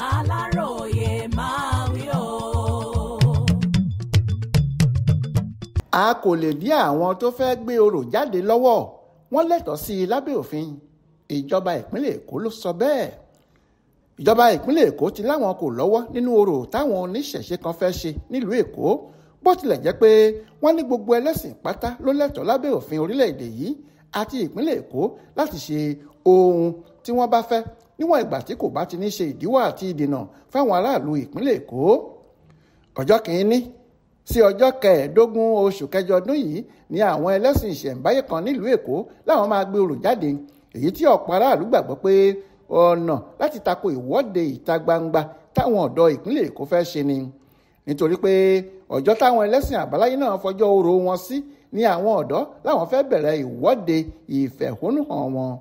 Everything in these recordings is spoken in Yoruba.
aláròye máa wí o. a kò lè dí àwọn tó fẹ́ gbé orò jáde lọ́wọ́ wọ́n lẹ́tọ̀ọ́ sí i lábẹ́ òfin ìjọba ìpínlẹ̀ èkó ló sọ bẹ́ẹ̀ ìjọba ìpínlẹ̀ èkó ti láwọn kò lọ́wọ́ nínú orò táwọn oníṣẹ̀ṣe kan fẹ́ ṣe nílùú èkó bó tilẹ̀ jẹ́ pé wọ́n ní gbogbo ẹlẹ́sìn pátá ló lẹ́tọ̀ọ́ lábẹ́ òfin orílẹ̀-èdè yìí àti ìpínlẹ̀ èkó láti ṣe ohun tí wọ́n bá fẹ́ níwọ̀n ìgbà tí kò bá ti ní ṣe ìdíwọ́ àti ìdènà fáwọn aráàlú ìpínlẹ̀ Èkó ọjọ́ kìíní sí ọjọ́ kẹẹ̀ẹ́dógún oṣù kẹjọ ọdún yìí ni àwọn ẹlẹ́sìn ìṣẹ̀ǹbáyé kan nílùú Èkó láwọn máa gbé orò èyí tí ọ̀pọ̀ aráàlú gbàgbọ́ pé ọ̀nà láti tako ìwọ́de ìta gbangba táwọn ọ̀dọ́ ìpínlẹ̀ Èkó fẹ́ ṣe ni nítorí pé ọjọ́ táwọn ẹlẹ́sìn àbáláyé náà fọjọ́ orò wọn sí ni àwọn ọ̀dọ́ láwọn fẹ́ bẹ̀rẹ̀ ìwọ́de ìfẹ̀hónúhàn wọn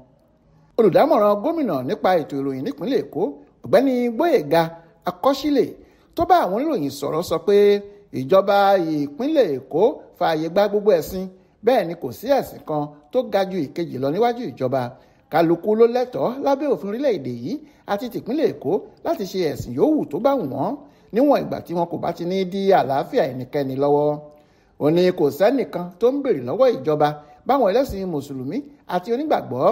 olùdámọ̀ràn gómìnà nípa ètò ìròyìn nípínlẹ̀ èkó ọ̀gbẹ́ni gbóyèga akọ́sílẹ̀ tó bá àwọn oníròyìn sọ̀rọ̀ sọ pé ìjọba ìpínlẹ̀ èkó fààyè gba gbogbo ẹ̀sìn bẹ́ẹ̀ ni kò sí ẹ̀sìn kan tó ga ju ìkejì lọ níwájú ìjọba kálukú ló lẹ́tọ̀ọ́ lábẹ́ òfin orílẹ̀-èdè yìí àti tìpínlẹ̀ èkó láti ṣe ẹ̀sìn yòówù tó bá wọ́n níwọ̀n ìgbà tí wọn kò bá ti ní dí àlàáfíà ẹnikẹ́ni lọ́wọ́ ó kò sẹ́nìkan tó ń béèrè lọ́wọ́ ìjọba báwọn ẹlẹ́sìn mùsùlùmí àti onígbàgbọ́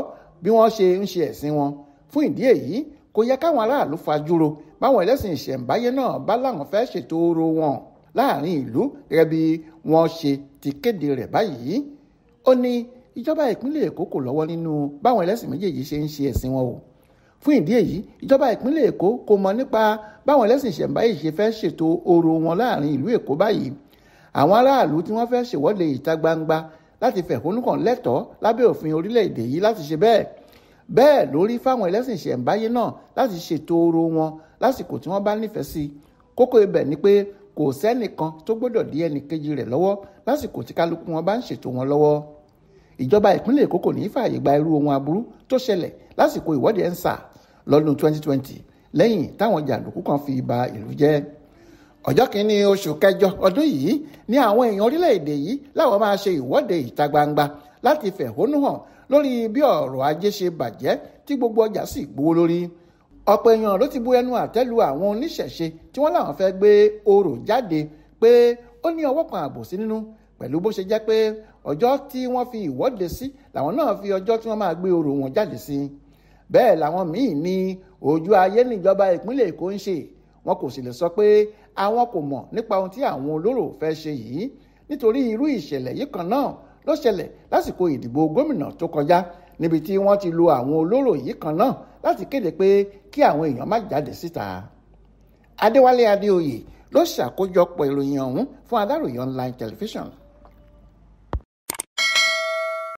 bí wọ́n ṣe ń ṣe ẹ̀sìn wọn fún ìdí èyí kò yẹ káwọn aráàlú fajúro báwọn ẹlẹ́sìn ìṣẹ̀ǹbáyé náà bá láwọn fẹ́ ṣètò orò wọn láàrin ìlú gẹ́gẹ́ bí wọ́n ṣe ti kéde rẹ̀ báyìí ó ní ìjọba ìpínlẹ̀ èkó kò lọ́wọ́ nínú báwọn ẹlẹ́sìn méjèèjì ṣe ń ṣe ẹ̀sìn wọn o fún ìdí èyí ìjọba ìpínlẹ̀ èkó kò mọ̀ nípa báwọn ẹlẹ́sìn ìṣẹ̀ǹbáyé ṣe fẹ́ ṣètò orò wọn láàrin ìlú èkó báyìí àwọn aráàlú tí wọ́n fẹ́ ṣèwọ́de ìta gbangba láti fẹ̀hónúhàn lẹ́tọ̀ọ́ lábẹ́ òfin orílẹ̀-èdè yìí láti ṣe bẹ́ẹ̀ bẹ́ẹ̀ ló rí fáwọn ẹlẹ́sìn ìṣẹ̀ǹbáyé náà láti ṣètò orò wọn lásìkò tí wọ́n bá nífẹ̀ẹ́ sí i kókó ibẹ̀ ni pé kò sẹ́nìkan tó gbọ́dọ̀ dí ẹnìkejì rẹ̀ lọ́wọ́ lásìkò tí kálukú wọn bá ń ṣètò wọn lọ́wọ́ ìjọba ìpínlẹ̀ èkó kò ní í fààyè gba irú ohun aburú tó ṣẹlẹ̀ lásìkò ìwọ́de ẹ̀ ń sà lọ́dún 2020 lẹ́yìn táwọn jàǹdùkú kan fi ba ìlú jẹ́ ọjọ́ kìíní oṣù kẹjọ ọdún yìí ni àwọn èèyàn orílẹ̀-èdè yìí láwọn máa ṣe ìwọ́de ìta gbangba láti fẹ̀hónú hàn lórí bí ọ̀rọ̀ ajé ṣe bàjẹ́ tí gbogbo ọjà sì gbówó lórí ọ̀pọ̀ èèyàn ló ti bu ẹnu àtẹ́ lu àwọn oníṣẹ̀ṣe tí wọ́n láwọn fẹ́ gbé orò jáde pé ó ní ọwọ́ kan àbòsí nínú pẹ̀lú bó ṣe jẹ́ pé ọjọ́ tí wọ́n fi ìwọ́de sí làwọn náà fi ọjọ́ tí wọ́n máa gbé orò wọn jáde sí bẹ́ẹ̀ làwọn míì ní ojú ayé níjọba ìpínlẹ̀ Èkó ń ṣe wọn kò sì lè sọ pé àwọn kò mọ̀ nípa ohun tí àwọn olóró fẹ́ ṣe yìí nítorí irú ìṣẹ̀lẹ̀ yìí kan náà ló ṣẹlẹ̀ lásìkò ìdìbò gómìnà tó kọjá níbi tí wọ́n ti lo àwọn olóró yìí kan náà láti kéde pé kí àwọn èèyàn má jáde síta. Adéwálé Adéoyè ló ṣàkójọpọ̀ ìròyìn ọ̀hún fún Aláròyé online television.